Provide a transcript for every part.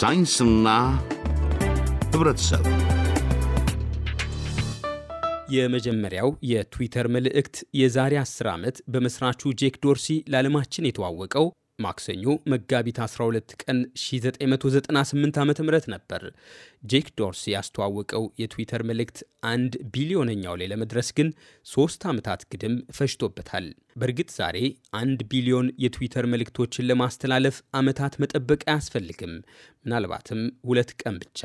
ሳይንስና ህብረተሰብ የመጀመሪያው የትዊተር መልእክት የዛሬ 10 ዓመት በመስራቹ ጄክ ዶርሲ ለዓለማችን የተዋወቀው ማክሰኞ መጋቢት 12 ቀን 1998 ዓ ም ነበር። ጄክ ዶርሲ ያስተዋወቀው የትዊተር መልእክት አንድ ቢሊዮነኛው ላይ ለመድረስ ግን ሦስት ዓመታት ግድም ፈጅቶበታል። በእርግጥ ዛሬ አንድ ቢሊዮን የትዊተር መልእክቶችን ለማስተላለፍ ዓመታት መጠበቅ አያስፈልግም፣ ምናልባትም ሁለት ቀን ብቻ።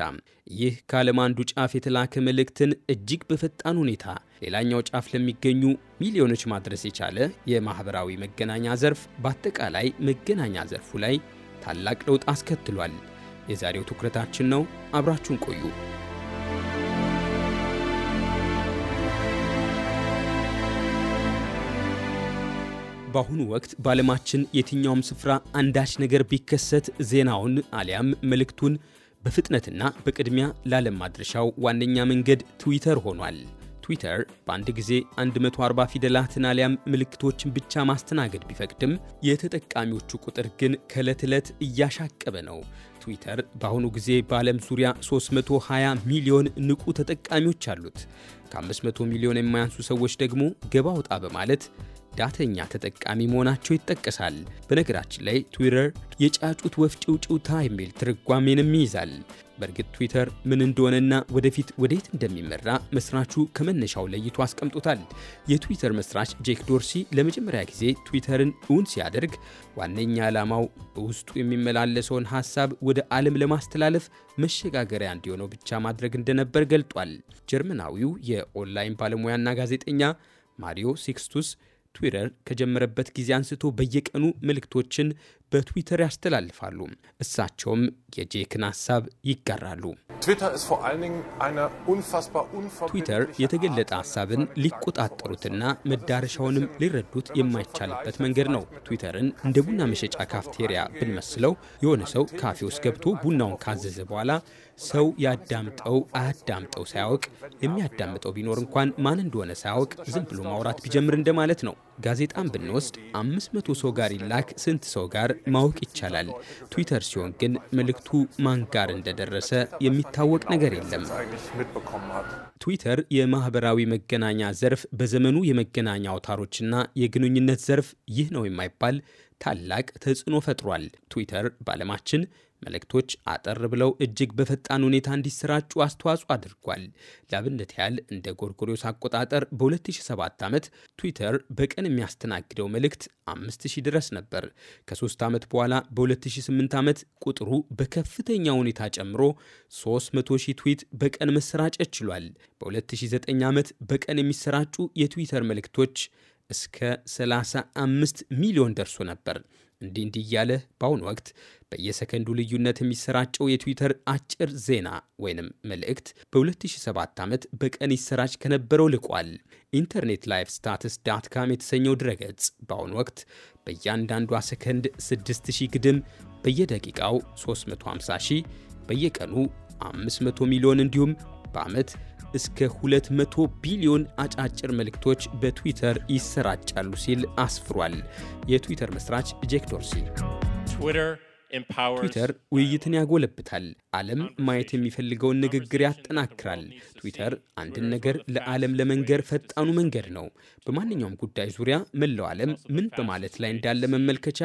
ይህ ከዓለም አንዱ ጫፍ የተላከ መልእክትን እጅግ በፈጣን ሁኔታ ሌላኛው ጫፍ ለሚገኙ ሚሊዮኖች ማድረስ የቻለ የማኅበራዊ መገናኛ ዘርፍ በአጠቃላይ መገናኛ ዘርፉ ላይ ታላቅ ለውጥ አስከትሏል። የዛሬው ትኩረታችን ነው። አብራችሁን ቆዩ። በአሁኑ ወቅት በዓለማችን የትኛውም ስፍራ አንዳች ነገር ቢከሰት ዜናውን አሊያም መልእክቱን በፍጥነትና በቅድሚያ ለዓለም ማድረሻው ዋነኛ መንገድ ትዊተር ሆኗል። ትዊተር በአንድ ጊዜ 140 ፊደላትን አሊያም ምልክቶችን ብቻ ማስተናገድ ቢፈቅድም የተጠቃሚዎቹ ቁጥር ግን ከዕለት ዕለት እያሻቀበ ነው። ትዊተር በአሁኑ ጊዜ በዓለም ዙሪያ 320 ሚሊዮን ንቁ ተጠቃሚዎች አሉት። ከ500 ሚሊዮን የማያንሱ ሰዎች ደግሞ ገባ ወጣ በማለት ዳተኛ ተጠቃሚ መሆናቸው ይጠቀሳል። በነገራችን ላይ ትዊተር የጫጩት ወፍ ጭውጭውታ የሚል ትርጓሜንም ይይዛል። በእርግጥ ትዊተር ምን እንደሆነና ወደፊት ወዴት እንደሚመራ መስራቹ ከመነሻው ለይቶ አስቀምጦታል። የትዊተር መስራች ጄክ ዶርሲ ለመጀመሪያ ጊዜ ትዊተርን እውን ሲያደርግ ዋነኛ ዓላማው በውስጡ የሚመላለሰውን ሀሳብ ወደ ዓለም ለማስተላለፍ መሸጋገሪያ እንዲሆነው ብቻ ማድረግ እንደነበር ገልጧል። ጀርመናዊው የኦንላይን ባለሙያና ጋዜጠኛ ማሪዮ ሲክስቱስ ትዊተር ከጀመረበት ጊዜ አንስቶ በየቀኑ መልእክቶችን በትዊተር ያስተላልፋሉ። እሳቸውም የጄክን ሀሳብ ይጋራሉ። ትዊተር የተገለጠ ሀሳብን ሊቆጣጠሩትና መዳረሻውንም ሊረዱት የማይቻልበት መንገድ ነው። ትዊተርን እንደ ቡና መሸጫ ካፍቴሪያ ብንመስለው የሆነ ሰው ካፌ ውስጥ ገብቶ ቡናውን ካዘዘ በኋላ ሰው ያዳምጠው አያዳምጠው ሳያውቅ የሚያዳምጠው ቢኖር እንኳን ማን እንደሆነ ሳያውቅ ዝም ብሎ ማውራት ቢጀምር እንደማለት ነው። ጋዜጣን ብንወስድ 500 ሰው ጋር ይላክ ስንት ሰው ጋር ማወቅ ይቻላል። ትዊተር ሲሆን ግን መልእክቱ ማን ጋር እንደደረሰ የሚታወቅ ነገር የለም። ትዊተር የማህበራዊ መገናኛ ዘርፍ በዘመኑ የመገናኛ አውታሮችና የግንኙነት ዘርፍ ይህ ነው የማይባል ታላቅ ተጽዕኖ ፈጥሯል። ትዊተር በዓለማችን መልእክቶች አጠር ብለው እጅግ በፈጣን ሁኔታ እንዲሰራጩ አስተዋጽኦ አድርጓል። ለአብነት ያህል እንደ ጎርጎሪዮስ አቆጣጠር በ2007 ዓመት ትዊተር በቀን የሚያስተናግደው መልእክት 5000 ድረስ ነበር። ከሶስት ዓመት በኋላ በ2008 ዓመት ቁጥሩ በከፍተኛ ሁኔታ ጨምሮ 300000 ትዊት በቀን መሰራጨት ችሏል። በ2009 ዓመት በቀን የሚሰራጩ የትዊተር መልእክቶች እስከ 35 ሚሊዮን ደርሶ ነበር። እንዲህ እንዲህ እያለ በአሁኑ ወቅት በየሰከንዱ ልዩነት የሚሰራጨው የትዊተር አጭር ዜና ወይንም መልእክት በ2007 ዓመት በቀን ይሰራጭ ከነበረው ልቋል። ኢንተርኔት ላይፍ ስታትስ ዳት ካም የተሰኘው ድረገጽ በአሁኑ ወቅት በእያንዳንዷ ሰከንድ 6000 ግድም፣ በየደቂቃው 350 ሺህ፣ በየቀኑ 500 ሚሊዮን እንዲሁም በዓመት እስከ 200 ቢሊዮን አጫጭር መልእክቶች በትዊተር ይሰራጫሉ ሲል አስፍሯል። የትዊተር መስራች ጄክ ዶርሲ ትዊተር ውይይትን ያጎለብታል፣ ዓለም ማየት የሚፈልገውን ንግግር ያጠናክራል። ትዊተር አንድን ነገር ለዓለም ለመንገር ፈጣኑ መንገድ ነው። በማንኛውም ጉዳይ ዙሪያ መላው ዓለም ምን በማለት ላይ እንዳለ መመልከቻ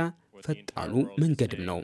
ፈጣኑ መንገድም ነው።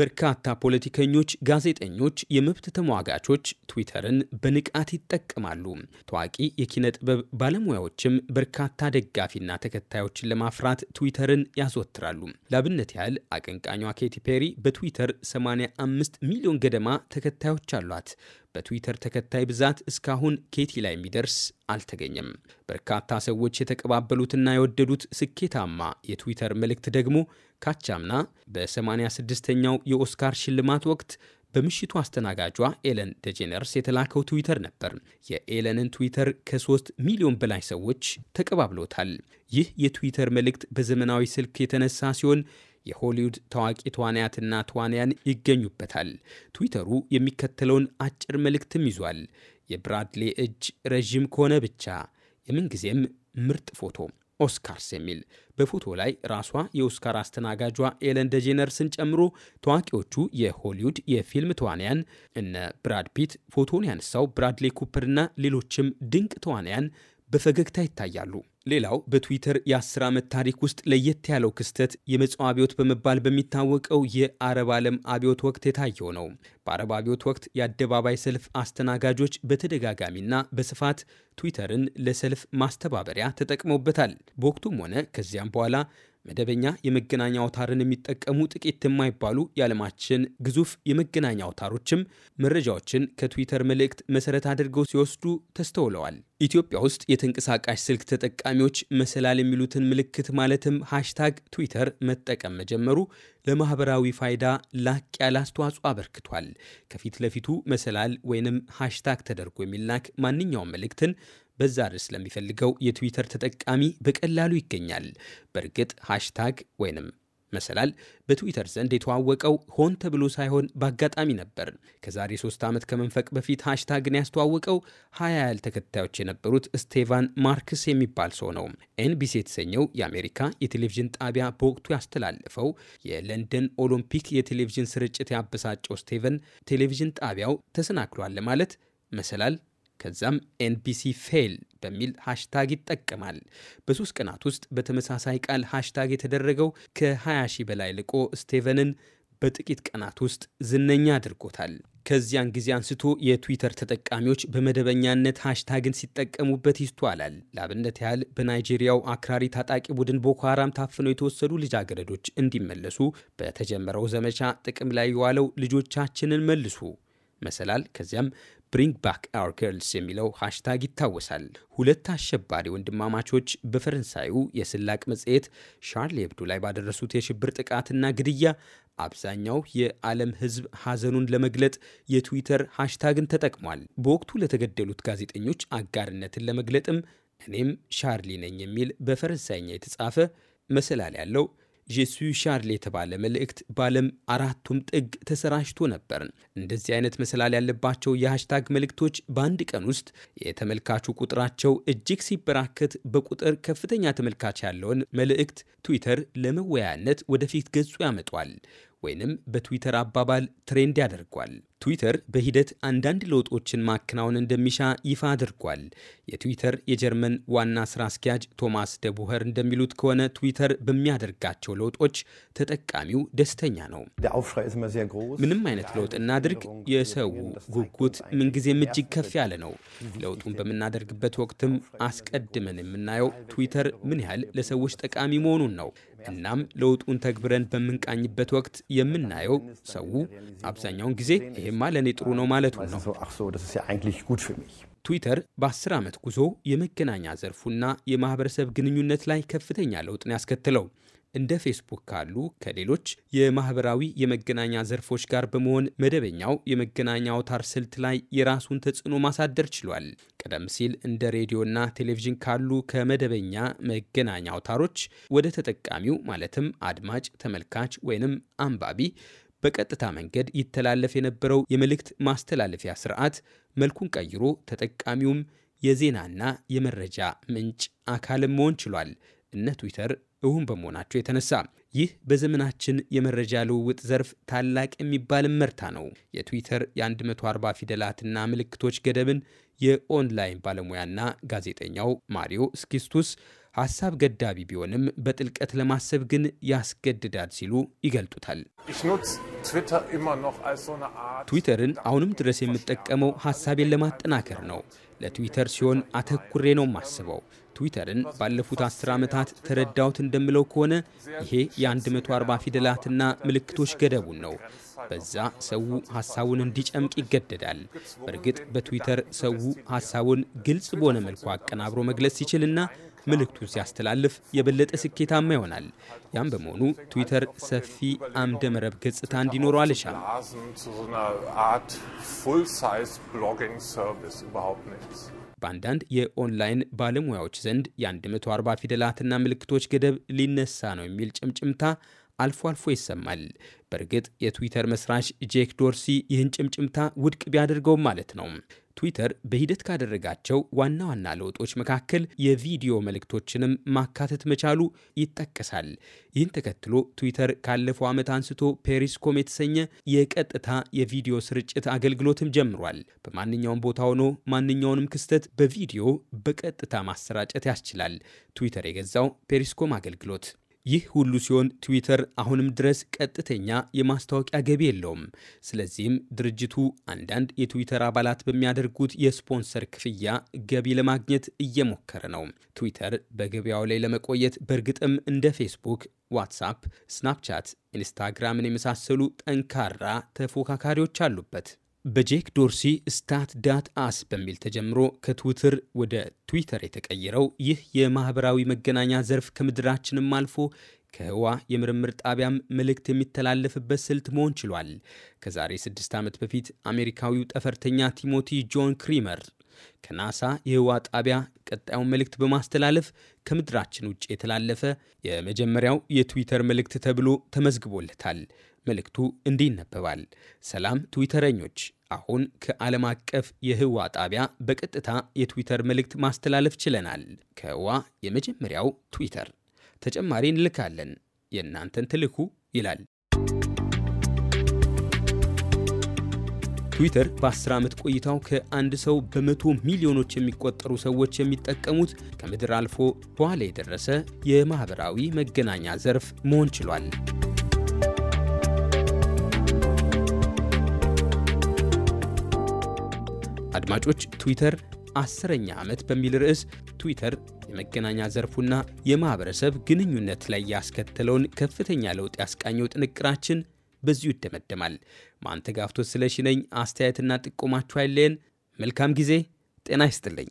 በርካታ ፖለቲከኞች፣ ጋዜጠኞች፣ የመብት ተሟጋቾች ትዊተርን በንቃት ይጠቀማሉ። ታዋቂ የኪነ ጥበብ ባለሙያዎችም በርካታ ደጋፊና ተከታዮችን ለማፍራት ትዊተርን ያዘወትራሉ። ለአብነት ያህል አቀንቃኟ ኬቲ ፔሪ በትዊተር 85 ሚሊዮን ገደማ ተከታዮች አሏት። በትዊተር ተከታይ ብዛት እስካሁን ኬቲ ላይ የሚደርስ አልተገኘም። በርካታ ሰዎች የተቀባበሉትና የወደዱት ስኬታማ የትዊተር መልእክት ደግሞ ካቻምና በ86ኛው የኦስካር ሽልማት ወቅት በምሽቱ አስተናጋጇ ኤለን ደጄነርስ የተላከው ትዊተር ነበር። የኤለንን ትዊተር ከሶስት ሚሊዮን በላይ ሰዎች ተቀባብሎታል። ይህ የትዊተር መልእክት በዘመናዊ ስልክ የተነሳ ሲሆን የሆሊውድ ታዋቂ ተዋናያትና ተዋናያን ይገኙበታል። ትዊተሩ የሚከተለውን አጭር መልእክትም ይዟል። የብራድሌ እጅ ረዥም ከሆነ ብቻ የምንጊዜም ምርጥ ፎቶ ኦስካርስ የሚል በፎቶ ላይ ራሷ የኦስካር አስተናጋጇ ኤለን ደጄነርስን ጨምሮ ታዋቂዎቹ የሆሊውድ የፊልም ተዋንያን እነ ብራድ ፒት፣ ፎቶን ያነሳው ብራድሌ ኩፐርና ሌሎችም ድንቅ ተዋንያን በፈገግታ ይታያሉ። ሌላው በትዊተር የአስር ዓመት ታሪክ ውስጥ ለየት ያለው ክስተት የመጽዋ አብዮት በመባል በሚታወቀው የአረብ ዓለም አብዮት ወቅት የታየው ነው። በአረብ አብዮት ወቅት የአደባባይ ሰልፍ አስተናጋጆች በተደጋጋሚና በስፋት ትዊተርን ለሰልፍ ማስተባበሪያ ተጠቅመውበታል። በወቅቱም ሆነ ከዚያም በኋላ መደበኛ የመገናኛ አውታርን የሚጠቀሙ ጥቂት የማይባሉ የዓለማችን ግዙፍ የመገናኛ አውታሮችም መረጃዎችን ከትዊተር መልእክት መሰረት አድርገው ሲወስዱ ተስተውለዋል። ኢትዮጵያ ውስጥ የተንቀሳቃሽ ስልክ ተጠቃሚዎች መሰላል የሚሉትን ምልክት ማለትም ሃሽታግ ትዊተር መጠቀም መጀመሩ ለማህበራዊ ፋይዳ ላቅ ያለ አስተዋጽኦ አበርክቷል። ከፊት ለፊቱ መሰላል ወይንም ሃሽታግ ተደርጎ የሚላክ ማንኛውም መልእክትን በዛ ርዕስ ለሚፈልገው የትዊተር ተጠቃሚ በቀላሉ ይገኛል። በእርግጥ ሃሽታግ ወይንም መሰላል በትዊተር ዘንድ የተዋወቀው ሆን ተብሎ ሳይሆን በአጋጣሚ ነበር። ከዛሬ ሶስት ዓመት ከመንፈቅ በፊት ሃሽታግን ያስተዋወቀው ሀያ ያህል ተከታዮች የነበሩት ስቴቫን ማርክስ የሚባል ሰው ነው። ኤንቢሲ የተሰኘው የአሜሪካ የቴሌቪዥን ጣቢያ በወቅቱ ያስተላለፈው የለንደን ኦሎምፒክ የቴሌቪዥን ስርጭት ያበሳጨው ስቴቨን ቴሌቪዥን ጣቢያው ተሰናክሏል ማለት መሰላል ከዛም ኤንቢሲ ፌል በሚል ሃሽታግ ይጠቀማል። በሶስት ቀናት ውስጥ በተመሳሳይ ቃል ሃሽታግ የተደረገው ከ20 ሺህ በላይ ልቆ ስቴቨንን በጥቂት ቀናት ውስጥ ዝነኛ አድርጎታል። ከዚያን ጊዜ አንስቶ የትዊተር ተጠቃሚዎች በመደበኛነት ሃሽታግን ሲጠቀሙበት ይስተዋላል። ለአብነት ያህል በናይጄሪያው አክራሪ ታጣቂ ቡድን ቦኮ ታፍነው የተወሰዱ ልጃገረዶች እንዲመለሱ በተጀመረው ዘመቻ ጥቅም ላይ የዋለው ልጆቻችንን መልሱ መሰላል ከዚያም ብሪንግ ባክ አር ገርልስ የሚለው ሃሽታግ ይታወሳል። ሁለት አሸባሪ ወንድማማቾች በፈረንሳዩ የስላቅ መጽሔት ሻርሊ ኤብዶ ላይ ባደረሱት የሽብር ጥቃትና ግድያ አብዛኛው የዓለም ሕዝብ ሐዘኑን ለመግለጥ የትዊተር ሃሽታግን ተጠቅሟል። በወቅቱ ለተገደሉት ጋዜጠኞች አጋርነትን ለመግለጥም እኔም ሻርሊ ነኝ የሚል በፈረንሳይኛ የተጻፈ መሰላል ያለው ጄሱ ሻርል የተባለ መልእክት በዓለም አራቱም ጥግ ተሰራጭቶ ነበር። እንደዚህ አይነት መሰላል ያለባቸው የሃሽታግ መልእክቶች በአንድ ቀን ውስጥ የተመልካቹ ቁጥራቸው እጅግ ሲበራከት በቁጥር ከፍተኛ ተመልካች ያለውን መልእክት ትዊተር ለመወያያነት ወደፊት ገጹ ያመጧል ወይንም በትዊተር አባባል ትሬንድ ያደርጓል። ትዊተር በሂደት አንዳንድ ለውጦችን ማከናወን እንደሚሻ ይፋ አድርጓል። የትዊተር የጀርመን ዋና ስራ አስኪያጅ ቶማስ ደቡኸር እንደሚሉት ከሆነ ትዊተር በሚያደርጋቸው ለውጦች ተጠቃሚው ደስተኛ ነው። ምንም አይነት ለውጥ እናድርግ፣ የሰው ጉጉት ምንጊዜም እጅግ ከፍ ያለ ነው። ለውጡን በምናደርግበት ወቅትም አስቀድመን የምናየው ትዊተር ምን ያህል ለሰዎች ጠቃሚ መሆኑን ነው። እናም ለውጡን ተግብረን በምንቃኝበት ወቅት የምናየው ሰው አብዛኛውን ጊዜ ይሄማ ለእኔ ጥሩ ነው ማለቱ ነው። ትዊተር በ10 ዓመት ጉዞ የመገናኛ ዘርፉና የማህበረሰብ ግንኙነት ላይ ከፍተኛ ለውጥ ያስከትለው። እንደ ፌስቡክ ካሉ ከሌሎች የማህበራዊ የመገናኛ ዘርፎች ጋር በመሆን መደበኛው የመገናኛ አውታር ስልት ላይ የራሱን ተጽዕኖ ማሳደር ችሏል። ቀደም ሲል እንደ ሬዲዮና ቴሌቪዥን ካሉ ከመደበኛ መገናኛ አውታሮች ወደ ተጠቃሚው ማለትም አድማጭ፣ ተመልካች ወይንም አንባቢ በቀጥታ መንገድ ይተላለፍ የነበረው የመልእክት ማስተላለፊያ ስርዓት መልኩን ቀይሮ ተጠቃሚውም የዜናና የመረጃ ምንጭ አካልም መሆን ችሏል። እነ ትዊተር እውን በመሆናቸው የተነሳ ይህ በዘመናችን የመረጃ ልውውጥ ዘርፍ ታላቅ የሚባል መርታ ነው። የትዊተር የ140 ፊደላትና ምልክቶች ገደብን የኦንላይን ባለሙያና ጋዜጠኛው ማሪዮ ስኪስቱስ ሀሳብ ገዳቢ ቢሆንም በጥልቀት ለማሰብ ግን ያስገድዳል ሲሉ ይገልጡታል። ትዊተርን አሁንም ድረስ የምጠቀመው ሀሳቤን ለማጠናከር ነው። ለትዊተር ሲሆን አተኩሬ ነው ማስበው ትዊተርን ባለፉት አስር ዓመታት ተረዳሁት እንደምለው ከሆነ ይሄ የ140 ፊደላትና ምልክቶች ገደቡን ነው። በዛ ሰው ሀሳቡን እንዲጨምቅ ይገደዳል። በእርግጥ በትዊተር ሰው ሀሳቡን ግልጽ በሆነ መልኩ አቀናብሮ መግለጽ ሲችልና ምልክቱን ሲያስተላልፍ የበለጠ ስኬታማ ይሆናል። ያም በመሆኑ ትዊተር ሰፊ አምደ መረብ ገጽታ እንዲኖረው አልሻም። በአንዳንድ የኦንላይን ባለሙያዎች ዘንድ የ140 ፊደላትና ምልክቶች ገደብ ሊነሳ ነው የሚል ጭምጭምታ አልፎ አልፎ ይሰማል። በእርግጥ የትዊተር መስራች ጄክ ዶርሲ ይህን ጭምጭምታ ውድቅ ቢያደርገው ማለት ነው ትዊተር በሂደት ካደረጋቸው ዋና ዋና ለውጦች መካከል የቪዲዮ መልእክቶችንም ማካተት መቻሉ ይጠቀሳል። ይህን ተከትሎ ትዊተር ካለፈው ዓመት አንስቶ ፔሪስኮም የተሰኘ የቀጥታ የቪዲዮ ስርጭት አገልግሎትም ጀምሯል። በማንኛውም ቦታ ሆኖ ማንኛውንም ክስተት በቪዲዮ በቀጥታ ማሰራጨት ያስችላል። ትዊተር የገዛው ፔሪስኮም አገልግሎት ይህ ሁሉ ሲሆን ትዊተር አሁንም ድረስ ቀጥተኛ የማስታወቂያ ገቢ የለውም። ስለዚህም ድርጅቱ አንዳንድ የትዊተር አባላት በሚያደርጉት የስፖንሰር ክፍያ ገቢ ለማግኘት እየሞከረ ነው። ትዊተር በገበያው ላይ ለመቆየት በእርግጥም እንደ ፌስቡክ፣ ዋትሳፕ፣ ስናፕቻት፣ ኢንስታግራምን የመሳሰሉ ጠንካራ ተፎካካሪዎች አሉበት። በጄክ ዶርሲ ስታት ዳት አስ በሚል ተጀምሮ ከትዊትር ወደ ትዊተር የተቀየረው ይህ የማህበራዊ መገናኛ ዘርፍ ከምድራችንም አልፎ ከህዋ የምርምር ጣቢያም መልእክት የሚተላለፍበት ስልት መሆን ችሏል። ከዛሬ ስድስት ዓመት በፊት አሜሪካዊው ጠፈርተኛ ቲሞቲ ጆን ክሪመር ከናሳ የህዋ ጣቢያ ቀጣዩን መልእክት በማስተላለፍ ከምድራችን ውጭ የተላለፈ የመጀመሪያው የትዊተር መልእክት ተብሎ ተመዝግቦለታል። መልእክቱ እንዲህ ይነበባል። ሰላም ትዊተረኞች፣ አሁን ከዓለም አቀፍ የህዋ ጣቢያ በቀጥታ የትዊተር መልእክት ማስተላለፍ ችለናል። ከህዋ የመጀመሪያው ትዊተር ተጨማሪ እንልካለን። የእናንተን ትልኩ ይላል። ትዊተር በ10 ዓመት ቆይታው ከአንድ ሰው በመቶ ሚሊዮኖች የሚቆጠሩ ሰዎች የሚጠቀሙት ከምድር አልፎ በኋላ የደረሰ የማኅበራዊ መገናኛ ዘርፍ መሆን ችሏል። አድማጮች ትዊተር አስረኛ ዓመት በሚል ርዕስ ትዊተር የመገናኛ ዘርፉና የማኅበረሰብ ግንኙነት ላይ ያስከተለውን ከፍተኛ ለውጥ ያስቃኘው ጥንቅራችን በዚሁ ይደመደማል። ማንተጋፍቶ ስለሽነኝ አስተያየትና ጥቆማችሁ አይለየን። መልካም ጊዜ። ጤና ይስጥልኝ።